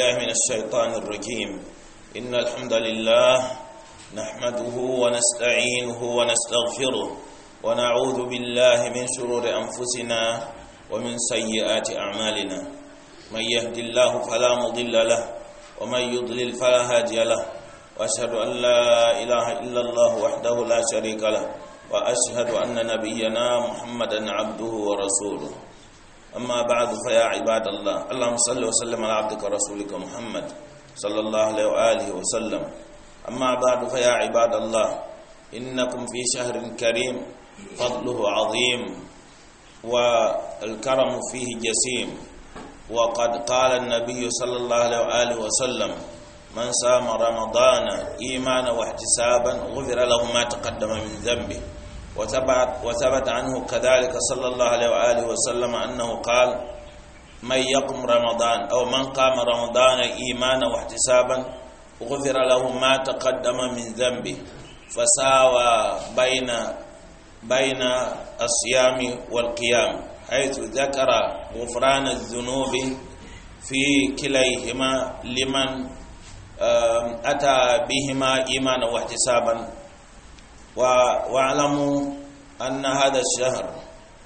بالله من الشيطان الرجيم إن الحمد لله نحمده ونستعينه ونستغفره ونعوذ بالله من شرور أنفسنا ومن سيئات أعمالنا من يهد الله فلا مضل له ومن يضلل فلا هادي له وأشهد أن لا إله إلا الله وحده لا شريك له وأشهد أن نبينا محمدا عبده ورسوله أما بعد فيا عباد الله اللهم صل وسلم على عبدك ورسولك محمد صلى الله عليه وآله وسلم أما بعد فيا عباد الله إنكم في شهر كريم فضله عظيم والكرم فيه جسيم وقد قال النبي صلى الله عليه وآله وسلم من صام رمضان إيمانا واحتسابا غفر له ما تقدم من ذنبه وثبت عنه كذلك صلى الله عليه وآله وسلم أنه قال من يقم رمضان أو من قام رمضان إيمانا واحتسابا غفر له ما تقدم من ذنبه فساوى بين بين الصيام والقيام حيث ذكر غفران الذنوب في كليهما لمن أتى بهما إيمانا واحتسابا واعلموا أن هذا الشهر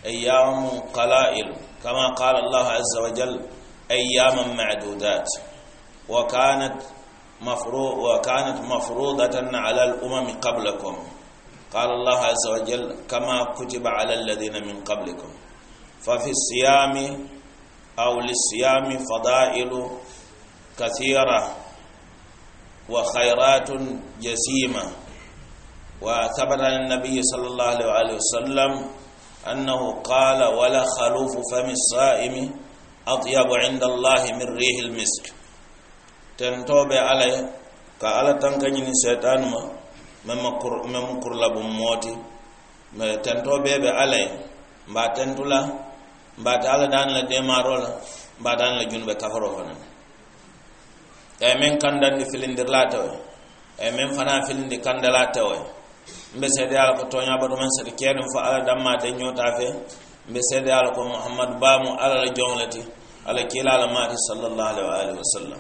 أيام قلائل كما قال الله عز وجل أياما معدودات وكانت مفروض وكانت مفروضة على الأمم قبلكم قال الله عز وجل كما كتب على الذين من قبلكم ففي الصيام أو للصيام فضائل كثيرة وخيرات جسيمه وثبت عن النبي صلى الله عليه وسلم أنه قال ولا خلوف فم الصائم أطيب عند الله من ريح المسك تنتوب عليه قال تنكني سيطان ما مم كرلب موتي تنتوبة عليه ما تنتلا ما تعالى دان لديمارولا ما دان لجنب كفره فنان e min kandandi filindirla tawe e min fana filindi kandala tawe mbe seede ala ko toñaɓaɗo men saɗa keeɗen fo ala dammate ñoota fe mbe seede ala ko mouhamadou bamo ala la jonglati ala kiila ala maati sallallahu alayhi wa alihi wa sallam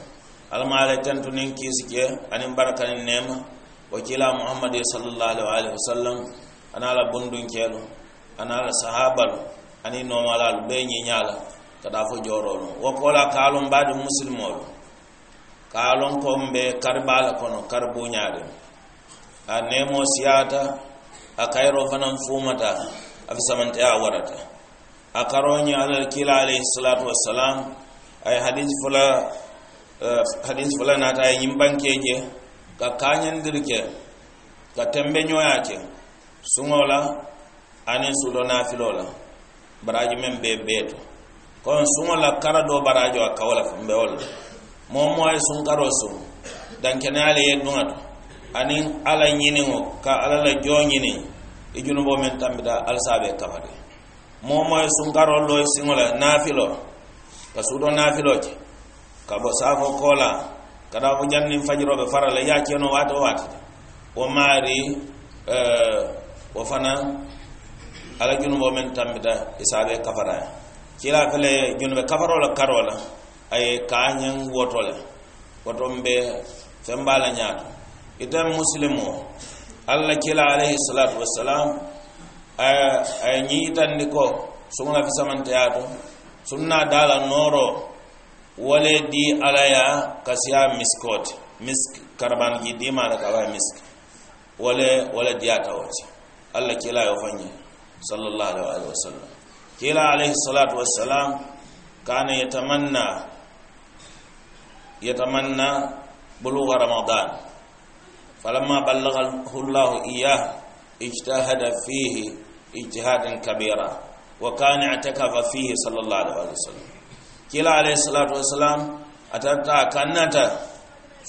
alamaalay tentu nin kiisike anin barakanin nema o kiila mouhamadi sallallahu alayhi wa alihi wa sallam ana la bondunkeelo ana la sahabalo ani nomalalu ɓe ñiñala kada fo jorolum wo kola kaalon mbaɗi musilmolu kaalon ko mbe karbala kono karbuñaɗen a nemo siyata a kairo fanan fumata a fi samanta a warata a karonyi alal kila alayhi salatu wassalam a yi fula hadis fula na ta yin banke ke ka kanyen dirke ka tambe nyoya ke sungola ani sudo na filola baraji men be beto sun sungola kara do baraji a kawla fi wol mo mo ay sun karo sun dan ya yen nuato aniŋ alla ñiniŋo ka alla la joo ñiniŋ i e junubo meŋ tambita alisaabe kafati moo moo ye sunkaroo loo e siŋo la naafiloo ka suuto naafiloo ti ka bo saafo koo la ka daa fo janniŋ fajiroo be fara la i ye a ceenoo waati o waati ti wo maari e, wo fana alla junuboo meŋ tambita isaabe kafataa cilaa fele junube kafaroo la karoo la a ye kaa ñeŋ woto le woto m be feŋ baa la ñaato idan muslimu allah kila alaihi salatu wassalam ay idan ko suna fi saman tiyatu suna dala noro wale di alaya kasiya miskot misk karban karaban dima da kaba misk wale wale diyata wace allah kila ya fanyi sallallahu alaihi wa sallam kila alaihi salatu wassalam kana yatamanna yatamanna bulugha ramadan فلما بلغه الله إياه اجتهد فيه اجتهادا كبيرا وكان اعتكف فيه صلى الله عليه وسلم كلا عليه الصلاة والسلام أتتا كانتا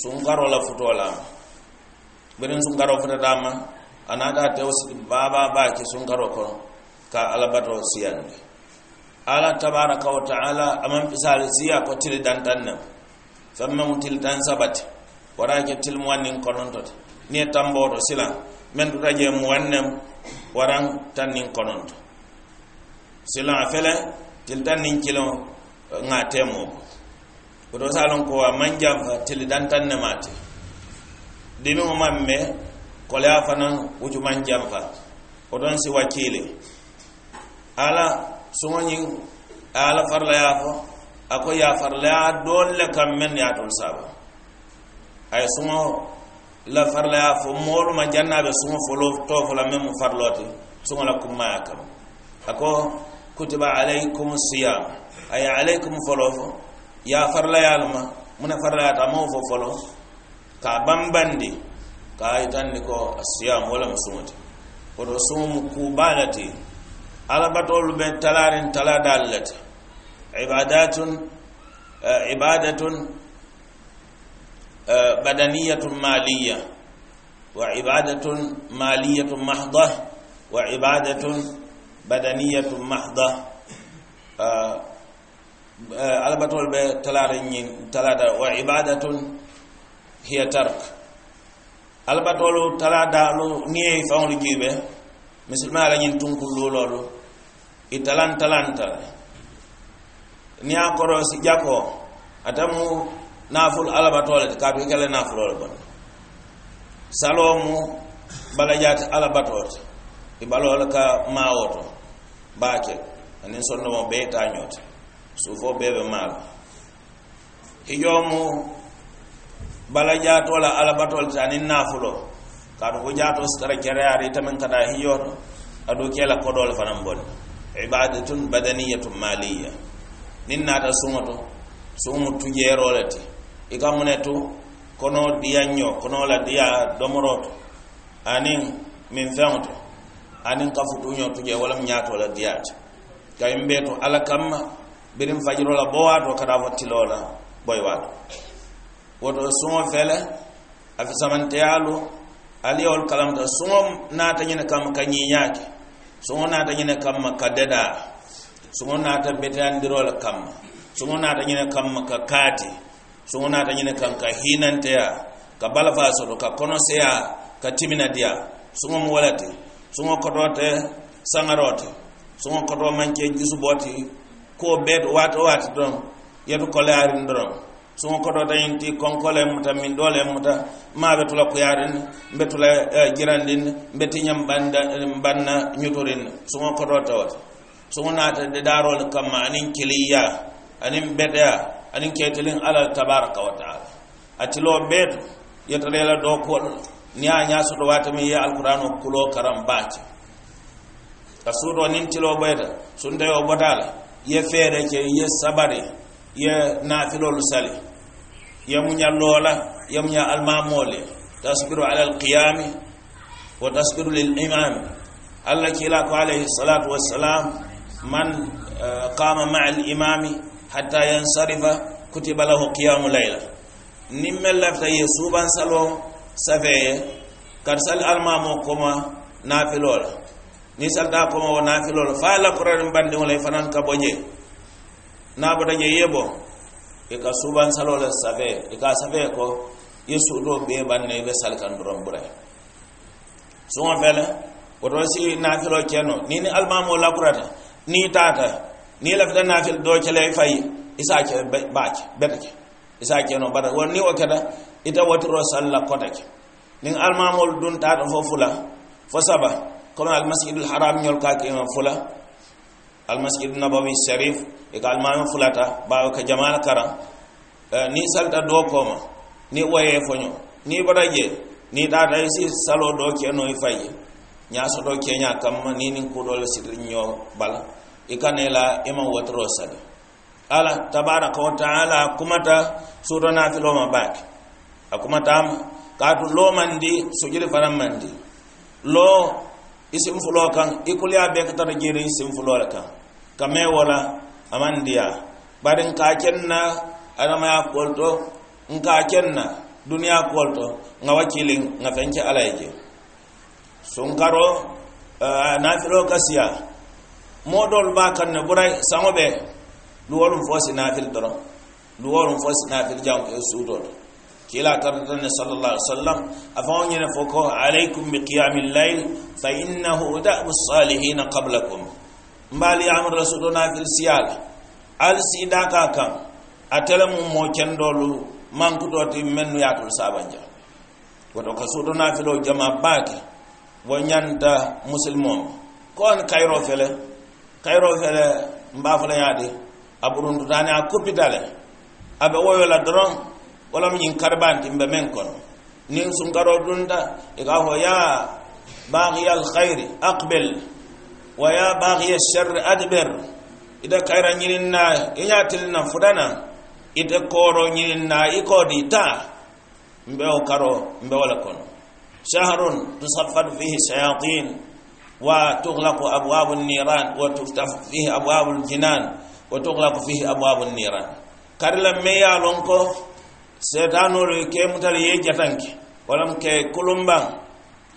سنقر ولا فتولا برين سنقر وفتداما أنا دا توسد بابا باكي سنقر وكو كالباتو سيان على تبارك وتعالى أمام بسال سيا كتل دانتان فمم تل دان سبت وراك تل موانين كونتوت ni ye tanboto sila men duta je muwannem waran tan nin kononto sila fele til tan nin kilo eh, ŋa temo koto sa lon kowa manjanfa tili dantan ne mate dimiŋo maŋ me koleya fanaŋ wutu manjanfa oton si wakili ala suŋoñiŋ a ala farlaya fo a ko yafarlaya doolu le kaŋ meŋ ne ye a tol saba a ye suŋo la farla ya fo moolu ma be suŋo folo to fola meŋ mu farlote suŋo la kummaya kam a ko kutiba alaykum siyam a ye alaykum folo fo ya farlayalu ma mune farlayata mawo fo folo ka bambandi ka yitandi ko siyam wo le suŋo ti woto suŋo mu ku le ti alabatolu be talarin tala daalu le ti ibadatun eh, ibadatun بدنية مالية وعبادة مالية محضة وعبادة بدنية محضة البتول بتلارين تلادا وعبادة هي ترك البتول تلادا لو نيي فاول جيبه مثل ما لاني تنكو لو لولو يتلان تلان تلان نيا كروس جاكو اتامو naful alabatole ti kaabi kele nafulole bona salo mu balajaati alabatote i balole ka mawo to baake anin sondomo be tañote suufo beɓe maalo hijo mu balajaatola alabatole ti anin nafulo kaatu ko jaato sitara kereyaari tamin kata hijo to aɗo kela kodole fanan bonni ibadatun badaniyatun maliya nin naata suŋo to suŋo tujeerole ti i ka mune tu kono diya ɲo kono la diya domoro tu ani min feŋo ani aniŋ ka futu nyo tu je walam ñaato la diya ti kayin be to ala kamma birin fajiro la bo ka kada fo tilo la boy waato woto suŋo fele afi kalam ta kalamta na ta ɲini kama ka ñiñaake na ta ñine kama ka na ta suŋo naata beteyandiroo kama kamma na ta ñine kama ka kaati suŋonata ñine kaŋ ka ya ka balafa soto ka ya ka timinadiya suŋo mu wo le ti suŋo koto te saŋaro ti suŋo koto manke jusubo ti kuwo wat to waati waati doroŋ kole arin doroŋ suŋo koto te ñiŋ ti konko le muta min dole le muta ma be tula kuyaariŋ mbe tula jirandiŋ eh, be ti banda banna ñuturiŋ suŋo koto te wo ti na naata de daaroo le kamma kiliya aniŋ beteya anin ketelin ala tabaraka wa taala atilo bet yetelela do kol ni a nya su do wata min ye alqur'ano kulo karam baaje ka suudo nin tilo sun dayo botala ye fere ke ye sabari ye naafilolu sali ye muña loola ye alma mole tasbiru ala alqiyam wa tasbiru lil imami allah la ko alayhi salatu wassalam man eh, qama maa al imami hatta yansarifa kutiba lahu qiyamu layla ni men lafta ye suban salo safeye kar sali almamo koma nafilo la ni salta koma wo nafilo la fa la qur'an bandi la i fanaŋ ka boje na bota je ye e i ka suban salo la safe i ka safe ko ye do be banne i be sali kan bure so on fele do si nafilo keno ni ni almamo qur'an ni tata ni la fita nafil do ci lay fay isa ci ba ci bet ci isa ci no bada woni o kada ita wati rasul la kota ci ning almamul dun ta do fofu la fo saba comme al masjid al haram ñol ka ki fula al masjid al nabawi sharif e ka almam fula ta ba ka jamal kara eh, ni salta do koma ni waye fo ñu ni bada je ni da da si salo do ci no fay nya so do ke nya kam ni ni ko do la sidri ñoo bala ikanela ima watro sada ala tabaraka wa taala kumata sura nafilo ma baki akumata am katu lo mandi sujiri fanan mandi lo isim fulo kan ikuli abe ka tar isim fulo la kan kame wala amandiya barin ka kenna adama ya kolto nka kenna duniya kolto nga wakili, nga fenche ala sunkaro sun karo uh, eh, nafilo kasiya modol ba kan na burai sango be luwarun fosi fil doro luwarun fosi nafil jam e sudo kila tarata ne sallallahu alaihi wasallam afon ne foko alaikum bi qiyamil layl fa innahu da'u salihin qablakum mbali amr rasuluna fil siyal al sida ka kan atele mu mo kendolu mankuto ti mennu yatul sabanja wato ka kasudo jama'a jama ke wanyanta muslimon kon kairo fele kayro fele mbafula yaade dana tani a abe woyo la dron wala min karban karbanti mbe men kon nin garo dunda e ka ho ya al khair aqbil wa ya baqiya sherri adbir ida kayra nyinna inya tilna fudana ida koro nyinna ikodi i ta mbe o karo mbe wala kon shahrun tusaffad fihi shayatin وتغلق أبواب النيران وتفتح فيه أبواب الجنان وتغلق فيه أبواب النيران كارلا ميا لونكو سيتانو لكي متالي جتنك ولم كي كلمبا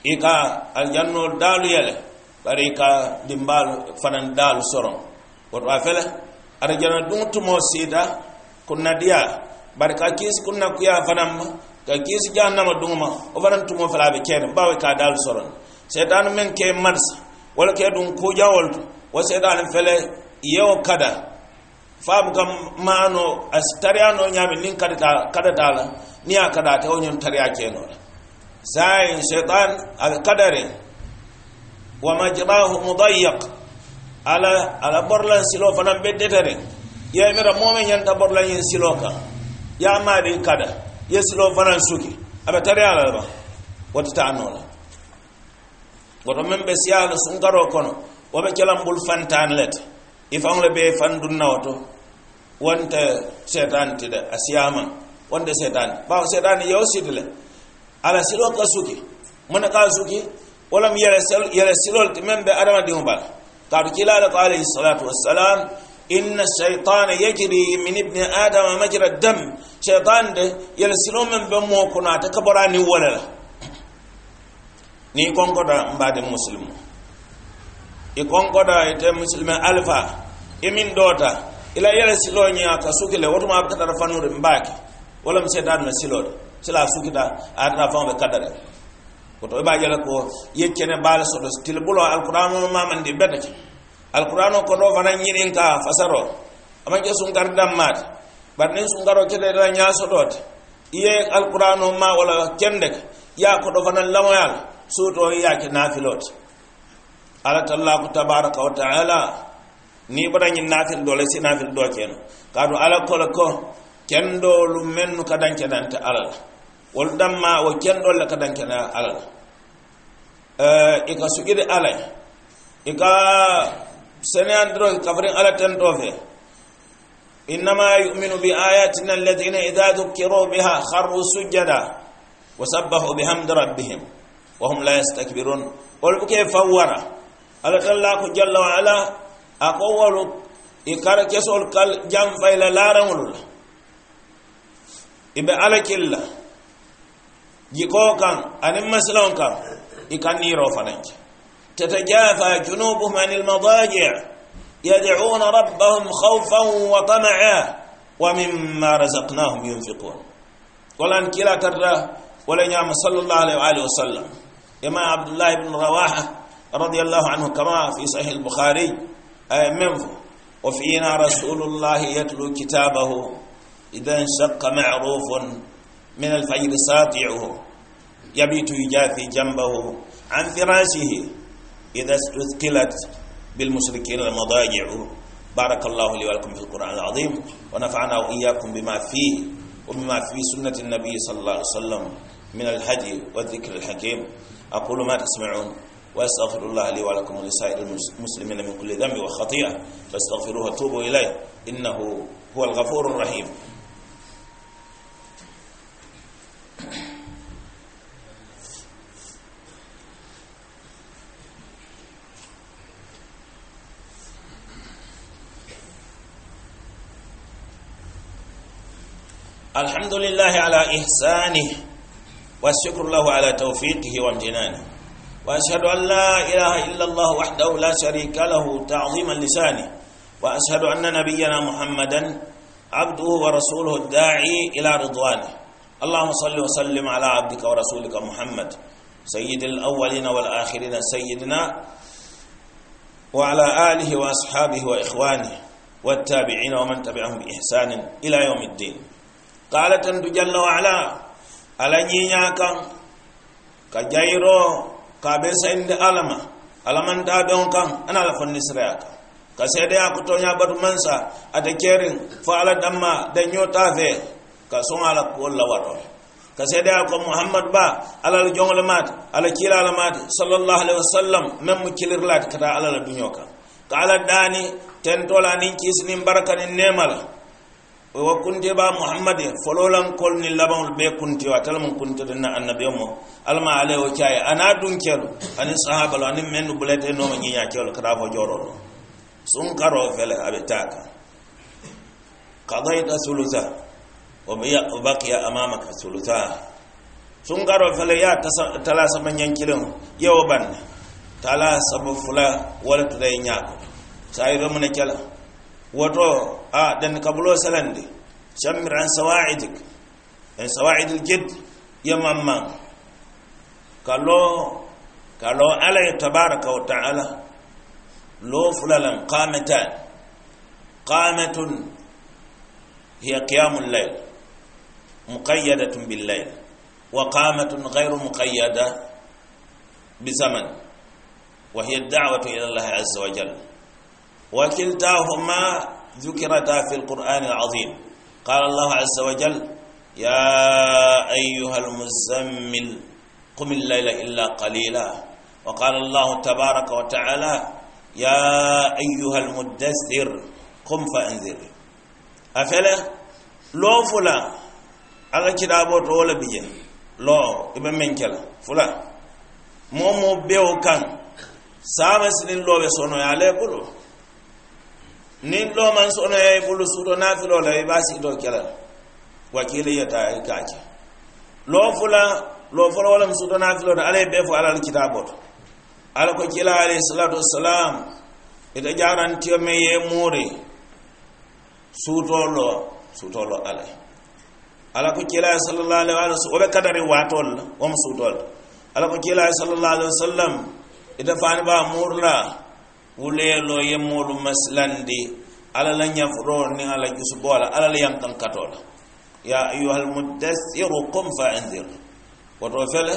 إيكا الجنة دالو يلي bari i ka dimbaalu fanaŋ daalu soroŋ woto a fele arijana duŋ tumoo siita kunna diya bari ka kiisi kunna kuyaa fanaŋ ma ka kiisi jahannama duŋ ma wo fanaŋ tumoo fele a be keeriŋ bawo i ka a daalu soroŋ shaytan men ke marsa wala ke dun ko jawol wa shaytan fele yewo kada faamu kam maano a tariya no ñaami niŋ kadata kadata la niŋ ye a kadata wo ñoŋ tariya keno la saayin shaitan al kadare wa majrahu mudayyaq ala ala borlan silo fanaŋ be detere ye mira moome ñanta borlan yin silo kaŋ ya a kada ye silo fanaŋ suki a tariya la ba wo tita a noo la goto men ɓe siyalo sunkaro kono woɓe kelambol fantan lete ifanle fan fandunnawo to wonte setan da a siyama setan setani ɓawo setan yew sidi le ala silo ka suki mone ka suki wolam yele silol ti men ɓe adamadiŋo bala kaatu kilala ko alayhi salatu wassalam inna cheitana yajri min ibni adama majra dam shaitan de yele silo min ɓe mo kono ate kaborani wole la ni mba mbaade muslimu i konkoda ite alfa alpha imin dota ila yele siloña ka sukile wotuma aɓe kadara fanure mbaake walla mi silo silode sila sukita atata fan be kadare koto ba jala ko yeccene so do til ma alqouran o mamandi bedeke alquran ko do fana ñinin ka fasaro sun sunkar dammate bar nin sunkaro keɗeɗa ñasoɗote iye alqouran o ma wala kende ya do fana lamoyal suto yake nafilot ala tallahu tabaraka wa ta'ala ni bada nyin nafil dole si nafil do ken kadu ala kolo ko kendo lu mennu kadan kedan ta ala wal damma wa kendo la kadan kedan ala eh ika sugide ala ika sene andro kafrin ala tan dofe انما يؤمن باياتنا الذين اذا ذكروا بها خروا سجدا وسبحوا بحمد ربهم وهم لا يستكبرون قل كيف فورا على الله جل وعلا أقول إكار كسول كال جام فإلى لا رمول إبا على كلا جيكو كان أنم مسلون كان إكان نيرو فنج تتجافى جنوبهم عن المضاجع يدعون ربهم خوفا وطمعا ومما رزقناهم ينفقون ولن كلا ترى ولن يعمل صلى الله عليه وسلم إمام عبد الله بن رواحة رضي الله عنه كما في صحيح البخاري آه، منه وفينا رسول الله يتلو كتابه إذا انشق معروف من الفجر ساطعه يبيت يجافي جنبه عن فراشه إذا استثقلت بالمشركين المضاجع بارك الله لي ولكم في القرآن العظيم ونفعنا وإياكم بما فيه وبما في سنة النبي صلى الله عليه وسلم من الهدي والذكر الحكيم أقول ما تسمعون وأستغفر الله لي ولكم ولسائر المسلمين من كل ذنب وخطيئة فاستغفروه وتوبوا إليه إنه هو الغفور الرحيم الحمد لله على إحسانه والشكر له على توفيقه وامتنانه وأشهد أن لا إله إلا الله وحده لا شريك له تعظيما لسانه وأشهد أن نبينا محمدا عبده ورسوله الداعي إلى رضوانه اللهم صل وسلم على عبدك ورسولك محمد سيد الأولين والآخرين سيدنا وعلى آله وأصحابه وإخوانه والتابعين ومن تبعهم بإحسان إلى يوم الدين قالت تند جل وعلا ala ñiña kan ka jayiro ka be sayindi alama alamanta don kan ana la fonni siraya kan ka seedeya ko toña batu mansa ate keerin fo ala damma daño tafe ka soŋ ala wolla wato ka seedeya ko muhammad ba ala la joŋole maate ala kiila la maate sallallahu alaihi wasallam meŋ mu kilirlaate kata ala la duño kan ka ala daani tentola niŋ kiisi niŋ baraka niŋ neema la wa kunte ba muhammad fololan kol ni laban be kunte wa mun kunte den na annabiyo mo alma ale o chay ana dun kelo ani sahaba lo ani menu bulete no ni ya kelo kada fo joro sun karo fele abe taka qadaita thulutha wa baqiya amamaka thulutha sun karo fele ya talasa manyan kilin yau ban tala sabu fula wala tudai nyako sai do mun kala wato آه دن قبلو سلندي شمر عن سواعدك عن يعني سواعد الجد يا ماما قالوا قالو على تبارك وتعالى لو فلان قامتان قامة هي قيام الليل مقيدة بالليل وقامة غير مقيدة بزمن وهي الدعوة إلى الله عز وجل وكلتاهما ذكرتا في القرآن العظيم قال الله عز وجل يا أيها المزمل قم الليل إلا قليلا وقال الله تبارك وتعالى يا أيها المدثر قم فأنذر أفلا لو فلا على كتابه رول بجن لو إبن منك كلا فلا مومو بيو كان سامس لله بسونو يا لبلو nin ɗo man so sono yawi bulu na naafiloo la ba siitoo kela wakiiliyata i kaace loo fula loo fola wo lem suuɗo naafiloo to na ye bee fo ala la kitaaboo to ala ko kila alayhi salatu wassalam ita jarantiyo me ye muuri suutoo lo suutoo lo ala ala ko kila sallallahu alayhi wa sallam kadari waatool la wo mo suutoo la ala ko kila sallallahu alayhi wa sallam ita faani baa wuleelo ye moolu masilandi alla la ñafutoo niŋ alla jusuboo la alla la yankaŋ katoo la ya ayuha almudassiru qum fa anzir woto fele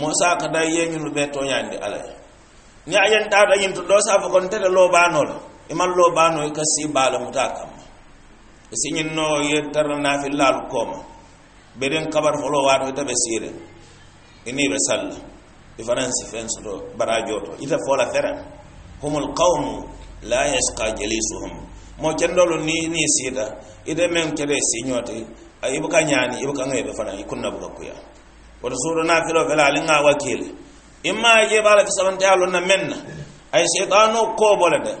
musa ka da ye ñunu be toñandi ala ye ni a yentaata ñinto doo saa fo kon tete loo baanoo la iman loo baanoo i ka sii baa la mutaa kamma si n'o ye tara naafi laalu kooma beden kabar foloo waato ita be siire ini be salla i fanaŋ si feŋ soto barajoo to ita fo la feraŋ humul qawmu la su jalisuhum mo kendolu ni ni sida ide men kebe sinyote ibuka nyani ibuka ngai be fana ikunna buka kuya wata suru na filo fela alinga wakile imma je bala fi sabanta yalo na menna ay n'o ko bola de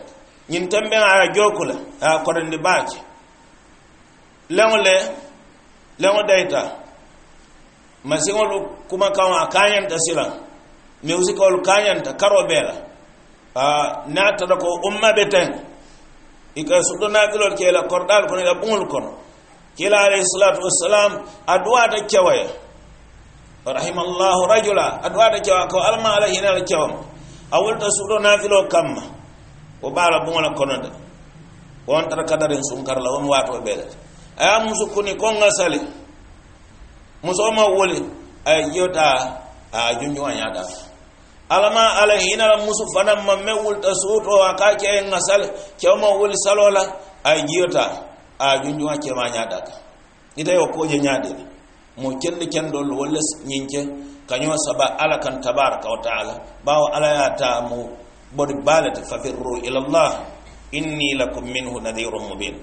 nyin tambe a jokula a korende baake lengle lengo masin wani kuma kaŋo a kañanta sila mais usi kawolu kanyanta karo bee la a na tara ko umma be ten i ka suɗonaɓilol kela korɗal kono ya ɓuŋol kono kila alayhi salatu wassalam a duwata cewaya rahimallahu rajula a duwata cewa ko alma ala hinala cewama a wolta suɗonaɓilo kamma o ɓala ɓuŋol kono de won tara kadarin sunkarla won wato ɓeelete aya musu kuni konga sali musoma woli aya jewta a junjuwa ñadata alama ala hinala musu fanan mamme wulta suto a ka keye ŋa sal kewma wuli salola ay jiyota a junjuŋa kema ñadaka ita yo koje ñadiri mo kendi kendol wolle ñinke kaño saba ala kan tabaraka wa taala bawo ala ya ta mo bodi balete fafirru ila llah inni lakum minhu nadhirun mubin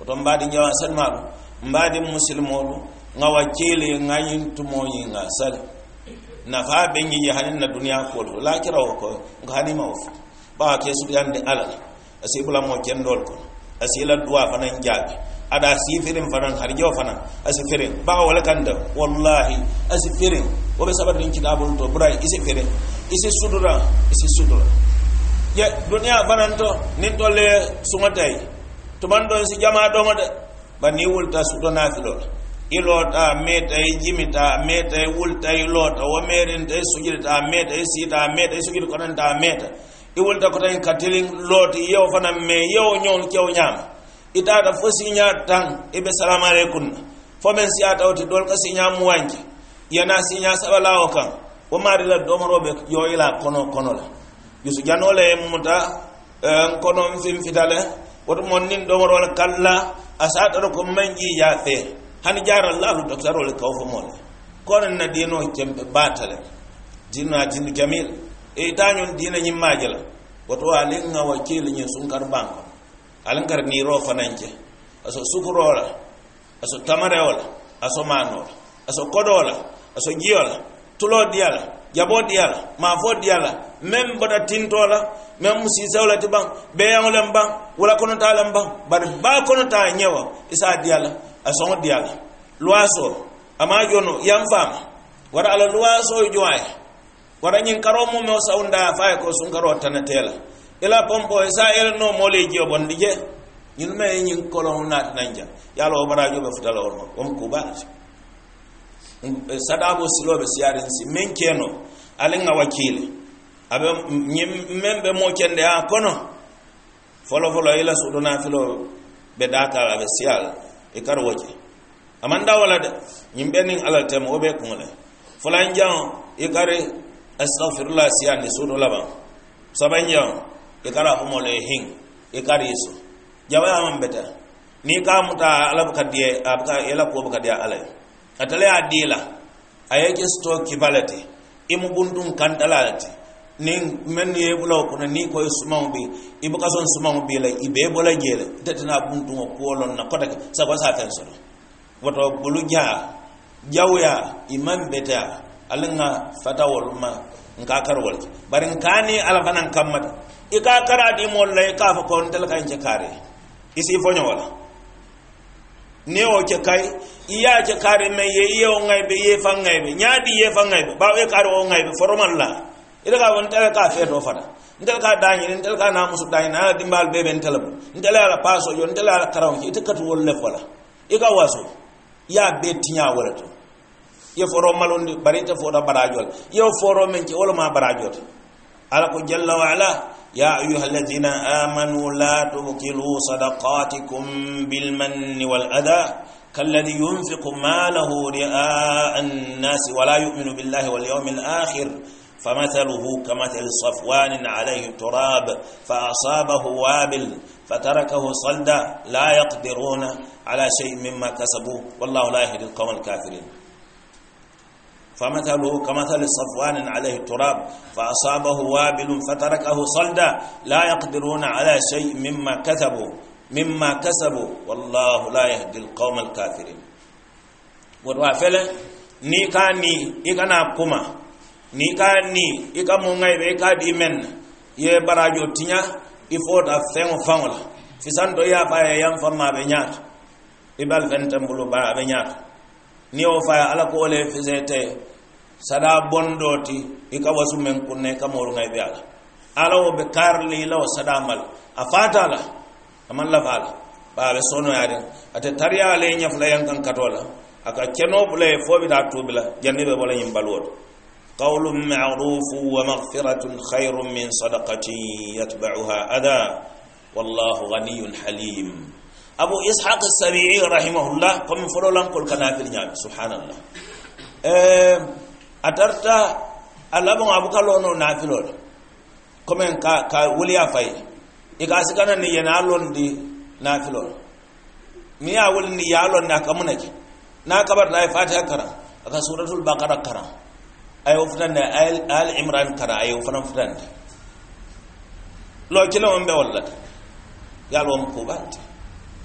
oton mbadi jawa sanmalu mbadi musilmolu ŋa wa kele ŋa yintumoyiŋa sali nafa ben yi hanin na duniya ko to la kira ko ga hani ma wofa ba ke su yan din alal asi bula mo ken dol ko asi la duwa fanan jabi ada si firin fanan har jo fanan asi firin ba wala kanda wallahi asi firin wo be sabar din kitabun to burai isi firin isi sudura isi sudura ya duniya fanan to nin dole sungatai to man don si jama do ma de ba ni wulta su do nafilo ilota meta jimita meta wulta ilota wa merenta sujidta meta sita meta sujid konanta meta iwulta ko tan katilin loti yew fana me yew nyon kew nyama itata fo siña tan ibe salamu aleykum na fo men siya tawti dol ka siña muwanke yana siña sabalawo kan wo maari la domoroɓe yoyila kono kono la yusu janole e muta kono fin fitale woto mon nin domorol kalla a satata ko man jiija feere hani jaral lahu docteur le kaw fo mole kono na dino tembe batale dino dino jamil e tañon dina nyi majala wato ale ngawa kele nyi sun kar banko alan ni ro fananje aso sukurola aso tamareola aso manola aso kodola aso jiola tulo diala jabo diala mafo diala mem bada tintola mem musisawla tiban beyangola mban wala kono tala mban bar ba kono ta nyewa isa diala asɔngɔ deɛle loaso amaa jono yam fama wara ala loaso juai wara nyin karo mu me osa unda fae ko sun karo tana tela ila pompo isa el no mole jio bon dije nyin me nyin kolo na nanja ya lo bara jobe futala orno on kuba eh, sadabo silo be siare nsi men keno ale nga wakile abe nyim membe mo kende a kono folo folo ila suduna filo be data la be siare e kar woje amanda wala da yimɓe nin alal tema o ɓe kuŋole fulan jaŋo e kari astahfirullah siyandi suuɗo laban saban jaŋo e kara homolo e hiŋ e kari yeso jawayaman beta ni ka muta alabu ka diye abuka ela ko ka diya ala atale a diila a ye ke sito kibalati imu buntun kantalati ni men ye bula ko ni ko sumaw bi ibu ka son sumaw bi la ibe bola jele tetna buntu ko kolon na kota sa ko sa fen so woto bulu ja jawya imam beta alinga fatawol ma nka karwol bari kani ala fanan kamata ika kara di mol lay ka fa ko ndel kan je kare isi fonyo wala ne o ke kai iya je kare me ye ye o ngai be ye fa ngai be nyaadi ye fa ngai be ba we kare o ngai be formal la ila ka won tele ka feto fata ntel ka dañi ntel ka namusu dañi na dimbal bebe ntel bu ntel ala paso yo ntel ala karaw ki tekatu wol le fola e ka waso ya be tinya wala to ye foro malon bari ta foro barajol ye foro men ci wala ma barajol ala ko jalla wa ala ya ayyuhalladhina amanu la tubqilu sadaqatikum bil manni wal adha كالذي ينفق ماله رئاء الناس ولا يؤمن بالله واليوم الآخر فمثله كمثل صفوان عليه تراب فأصابه وابل فتركه صلدا لا يقدرون على شيء مما كسبوا والله لا يهدي القوم الكافرين فمثله كمثل صفوان عليه التراب فأصابه وابل فتركه صلدا لا يقدرون على شيء مما كسبوا مما كسبوا والله لا يهدي القوم الكافرين ورافله ني كاني إكنا كما ni ka ni i ka mun ŋayibe i ka di men na i ye barajo tiɲa i fo da feŋo faŋo la fisanto i ye a fa ye yan fama a be ɲaato i bal fen ten bulu bara a be ɲaato ni wo fa ye alla ko le fise te sada bon do ti i ka wasu men kunna i ka moolu ŋayibe a la alla wo be karili i la wo sada mal a fata la a maŋ lafa la ba a be sonoyadin ate tariya le ɲafula yan kaŋ kato la a ka kenoo bula ye fo bi da tuubi la janni be bo la ñiŋ baluwo to قول معروف ومغفرة خير من صدقة يتبعها أذى والله غني حليم أبو إسحاق السبيعي رحمه الله قم فلولان كل كنافر نعم سبحان الله أترت ألبن أبو كالون نافلون كم كا كا وليا فاي إكاسي كان نينالون دي نافلون ميا ولي نيالون ناكمونك ناكبر لا فاتحة كرا أكا سورة البقرة كرا ayo futan da al imran kara ayo fana futan da lo kila on be walla gal won ko banta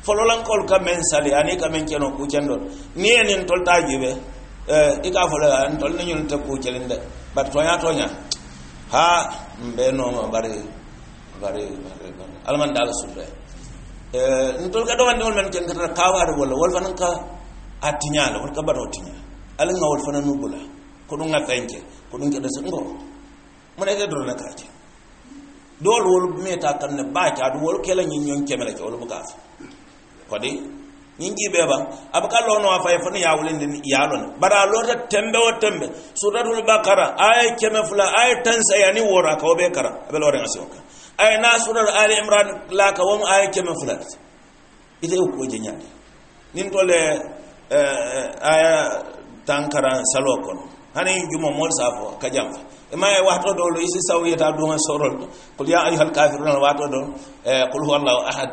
folo lan kol ka men sali ani ka men keno ku jando ni en tol ta jibe eh ika folo an tol ni nyun ta ku jelinde bat tonya tonya ha mbe no ma bari bari bari alman dal sudde eh ntol ka do wande wol men ken kata kawaade wala wol fanan ka atinya wol ka baro tinya alin ngawol fanan nubula kudun a fenke kudun ke sun ngo mun ege dor na kaje dole wol mai kan ne ba ta do wol kela yin nyon kemela ke wol buka kodi nyin gi beba abaka lono afa e fani yawul ndin yalon bara lota tembe o tembe a baqara ay keme fula ay tan ni wora ka obe kara abel wore a ay na surar ali imran la ka won ay keme fula ita ko je nyaade nin tole eh, eh, aya tankara salo kono hani juma mol safo ka jamfa ma e wato do lo isi sawi ta do man sorol qul ya ayyuhal kafirun wato do qul huwallahu ahad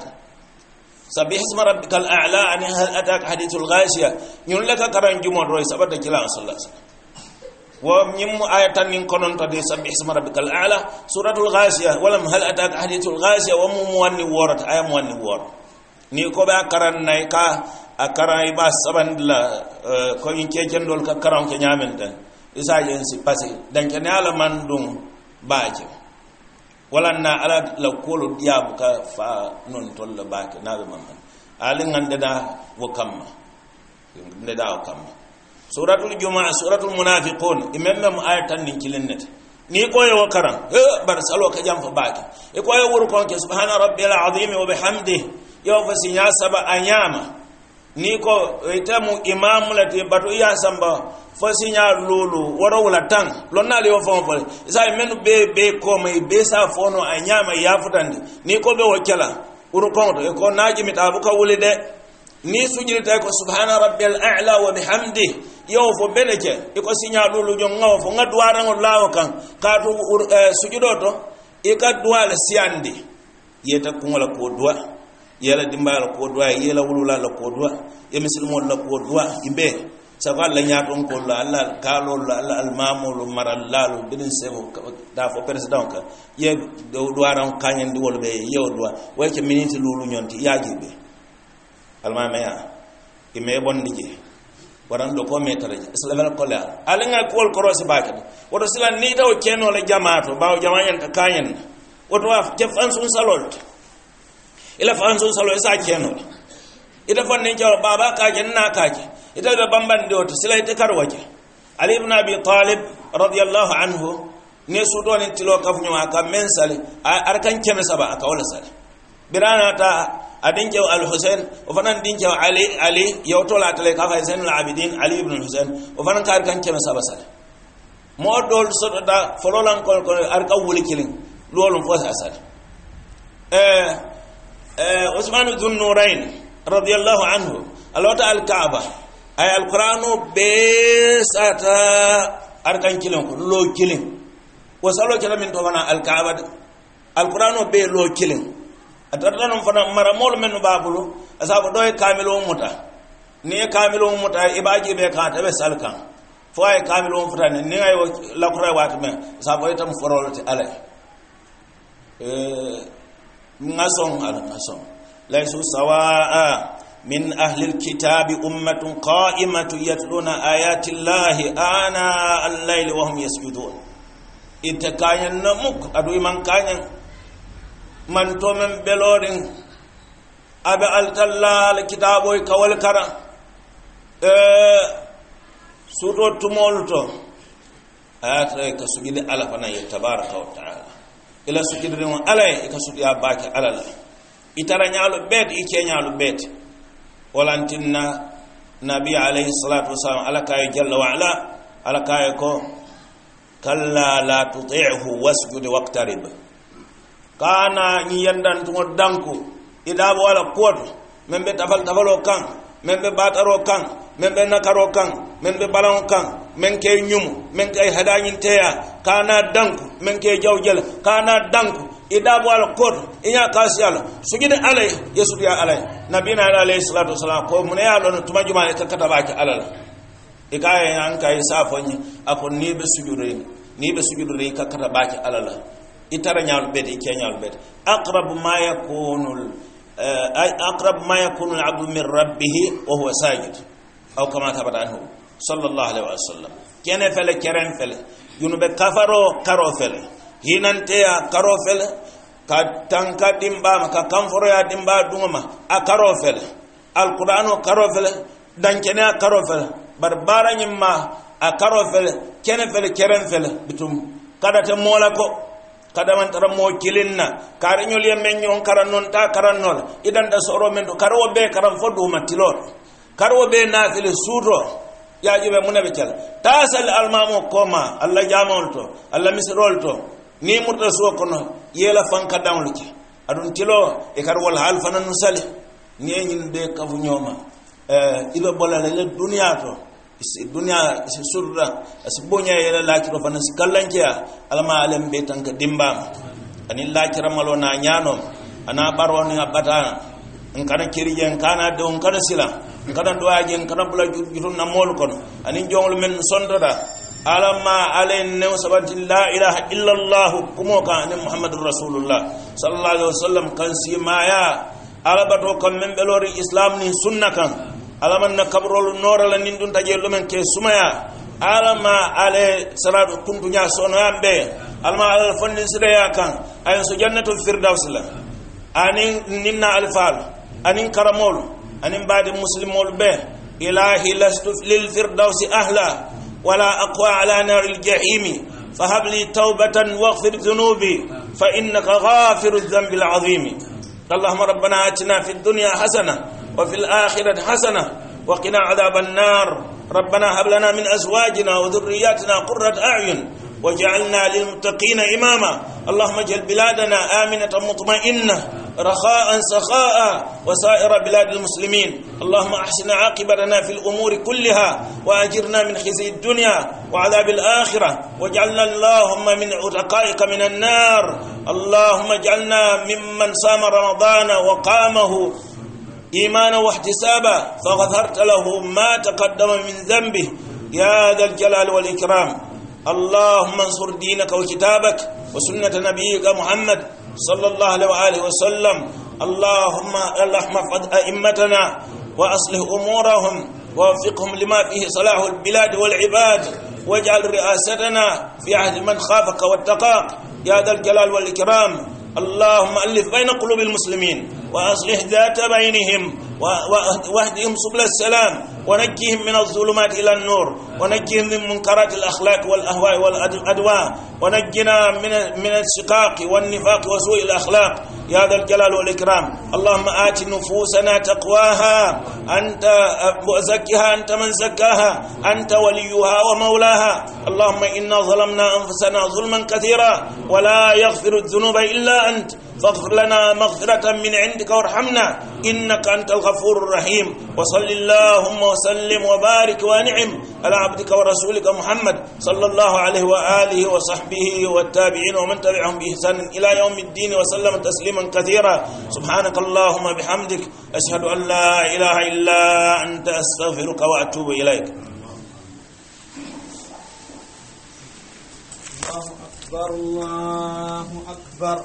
sabbih isma rabbikal a'la an hal atak hadithul ghashiya nyun laka karan juma do sabata kila sallallahu alaihi wasallam ومن آية كنون تدي سبح اسم ربك الأعلى سورة الغاشية ولم هل أتاك حديث الغاشية ومو مواني وورت آية مواني وورت نيكو بأ كران نايكا أكران إبا سبان دلا كوين كيكين دول كران كنيامن ده isa jensi pase ke ala man dum baje walan na ala la kolo diabu ka fa non tolla baake na be mamman ali ngande da wo kamma ngande da wo kamma suratul jumaa suratul munafiqun imemme mu ayatan nin ne ni koye wo karan he bar salo ka jam fa baake e wuru kon ke subhana rabbil azim wa bihamdihi yow fa saba anyama ni ko itemu imamu lati batu iya samba fo sinya lulu woro wala tan lonna le fon fo isa menu be be ko mai be sa fono anyama ya futandi ni ko be wakala uru ko to ko naji mi tabu ka wuli de ni sujirta ko subhana rabbil a'la wa bihamdi yow fo beneke iko sinya lulu jo ngaw fo ngadwara ngol lawo kan ka to eh, sujudo to ika duwa le siandi yeta kungola ko duwa yela dimba la ko duwa yela wulula la ko duwa e muslimo la ko duwa imbe safa la ñaaton ko la alla la alla almamolu marallalu binin sego da fo président ka ye duwaran kañandi wol ɓe yewo duwa way ke miniti lulu ñonti yaajiɓe almameya ime bonndi je waran ɗo ko metara je slavel kole ala alaga kuwol korosi bakede woto sila ni taw kenola jamato mbawa jamañanta kañenna woto wa je fan sun salolte ila fan sun salo isa keno ita fannin kyau baba kake ina kake ita da bamban da wata sila ita karwaje ali ibn abi talib radiyallahu anhu ne su donin tilo kafin wa kan men sale arkan kemisa ba aka wala sale birana ta adin kyau al-husain ufanan din kyau ali ali yautola tale kafa husain al-abidin ali ibn husain ufanan ka arkan kemisa ba sale moɗol soɗoɗa fololan kon ko arka wuli kilin fo sa sale eh Eh, usman ibn nurain radiyallahu anhu alwata alkaaba ay alqur'anu be sata arkan kilin ko lo wa salo kilin min to alkaaba alqur'anu be lo kilin atarta fana mara mol men babulu asabu doy kamilu muta ni kamilu muta ibaji be ka tabe salkan fo ay kamilu muta ni ngay lakura wat men sabu itam forolati alay eh نغسون على نغسون ليسوا سواء من أهل الكتاب أمة قائمة يتلون آيات الله آناء الليل وهم يسجدون إذا كان نمك أدو من كان من تومن بلورين أبي ألتلا الكتاب ويكوال كرا أه سورة تمولتو آيات رأيك سجد ألفنا تبارك وتعالى ila sukidiriŋo alla ye i ka sutuya baake alla la i tara ñaalu beete i keeñaalu beete walantin na nabi alayhi salatu wasalam alla ka ye jalla wa ala alla ka ye ko kalla la tutihu wasjud waqtarib kana ñiŋ yandantuŋo danku i daabo alla kuwoto meŋ be tafal tafaloo kaŋ meŋ be baataroo kaŋ meŋ be nakaroo kaŋ meŋ be balaŋo kaŋ men ke nyum men ke hadanyin teya kana danku men ke jawjel kana danku ida ala kod inya kasi ala sujudi alay yesu ya alay nabina alayhi salatu wasalam ko mun ya don tuma juma ne ka kata baki alala ikaye an kai ni ako ni be sujudi ni be sujudi ka kata baki alal itara nyaal bet ke nyaal bet aqrab ma yakunu eh, aqrab ma yakunul abdu min rabbih wa huwa sajid aw kama thabata anhu sallallahu alaihi wasallam kene fele keren fele junube kafaro karo fele hinanteya karo fele ka tanka dimbama ka kanforoya dimba dungama a karo fele alqur'ano karo fele dankene a karo fele bar bara nyimma a karo fele kene fele keren fele bitum kada te mola ko kada man tara mo kilinna kare nyol yemme nyon karan non ta karan non idan da soro men do karo be karan fodu matilor karo be nafile suro yaajiɓe muneɓe cal tasal almamo koma alla jamol to allah misrol to ni murta suwo kono yeela fanka dawlu ke aɗum tilo e kar wol haal fana nu sali ni e ñin ɓe kafu ñooma iɓe bolale le duniya to duniya si surra si boña yeela laakiro fana si kallankeya alama alen ɓe tan ka dimbama anin laakiramalo na ñanoma ana ɓaroni a batana n kana kirije n kana dew n kana sila kada doya jen kada bula jutun na mol kono anin jongol men sondata ala ma alen new sabanti la ilaha illa allah kumo ka ni muhammadur rasulullah sallallahu alaihi wasallam kan si maya ala bato kam men belori islam ni sunna kan ala man kabrol norala nin dun taje lumen ke sumaya ala ma ale salatu kuntu nya sono ambe ala ma ala fonni sideya kan ayen so jannatul firdaus la anin ninna alfal anin karamolu أن بعد مسلم به إلهي لست للفردوس أهلا ولا أقوى على نار الجحيم فهب لي توبة واغفر ذنوبي فإنك غافر الذنب العظيم اللهم ربنا آتنا في الدنيا حسنة وفي الآخرة حسنة وقنا عذاب النار ربنا هب لنا من أزواجنا وذرياتنا قرة أعين وجعلنا للمتقين إماما اللهم اجعل بلادنا آمنة مطمئنة رخاء سخاء وسائر بلاد المسلمين اللهم احسن عاقبتنا في الامور كلها واجرنا من خزي الدنيا وعذاب الاخره واجعلنا اللهم من عتقائك من النار اللهم اجعلنا ممن صام رمضان وقامه ايمانا واحتسابا فغفرت له ما تقدم من ذنبه يا ذا الجلال والاكرام اللهم انصر دينك وكتابك وسنه نبيك محمد صلى الله عليه وآله وسلم اللهم اللهم أئمتنا وأصلح أمورهم ووفقهم لما فيه صلاح البلاد والعباد واجعل رئاستنا في عهد من خافك واتقاك يا ذا الجلال والإكرام اللهم ألف بين قلوب المسلمين وأصلح ذات بينهم واهدهم سبل السلام ونجهم من الظلمات إلى النور ونجهم من منكرات الأخلاق والأهواء والأدواء ونجنا من من الشقاق والنفاق وسوء الأخلاق يا ذا الجلال والإكرام اللهم آت نفوسنا تقواها أنت زكها أنت من زكاها أنت وليها ومولاها اللهم إنا ظلمنا أنفسنا ظلما كثيرا ولا يغفر الذنوب إلا أنت فاغفر لنا مغفرة من عندك وارحمنا إنك أنت الغفور الرحيم وصل اللهم وسلم وبارك ونعم على عبدك ورسولك محمد صلى الله عليه وآله وصحبه والتابعين ومن تبعهم بإحسان إلى يوم الدين وسلم تسليما كثيرا سبحانك اللهم بحمدك أشهد أن لا إله إلا أنت أستغفرك وأتوب إليك الله أكبر الله أكبر